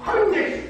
hundreds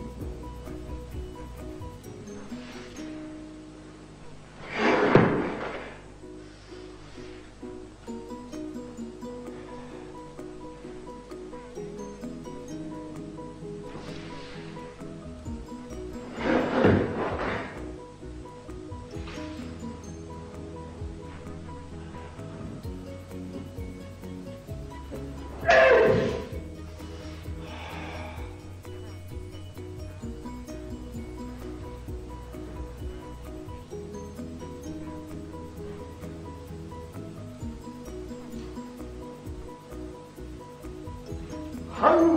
xam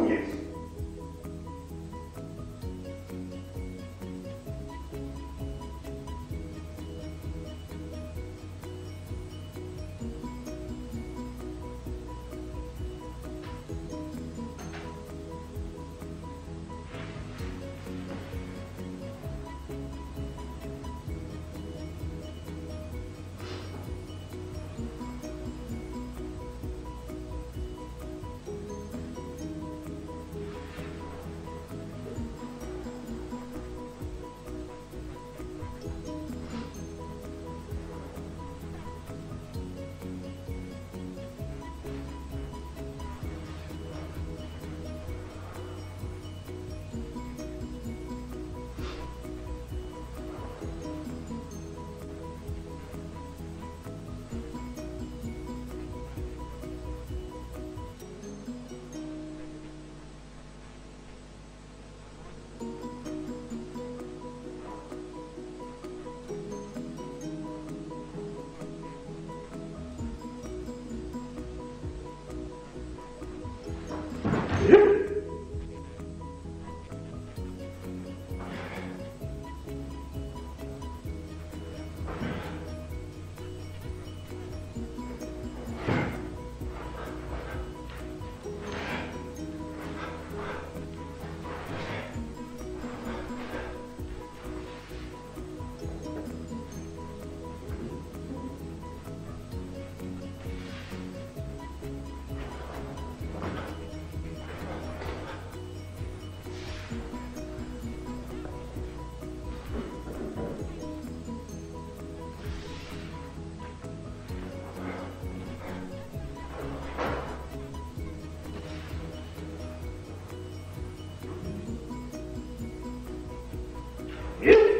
yëpp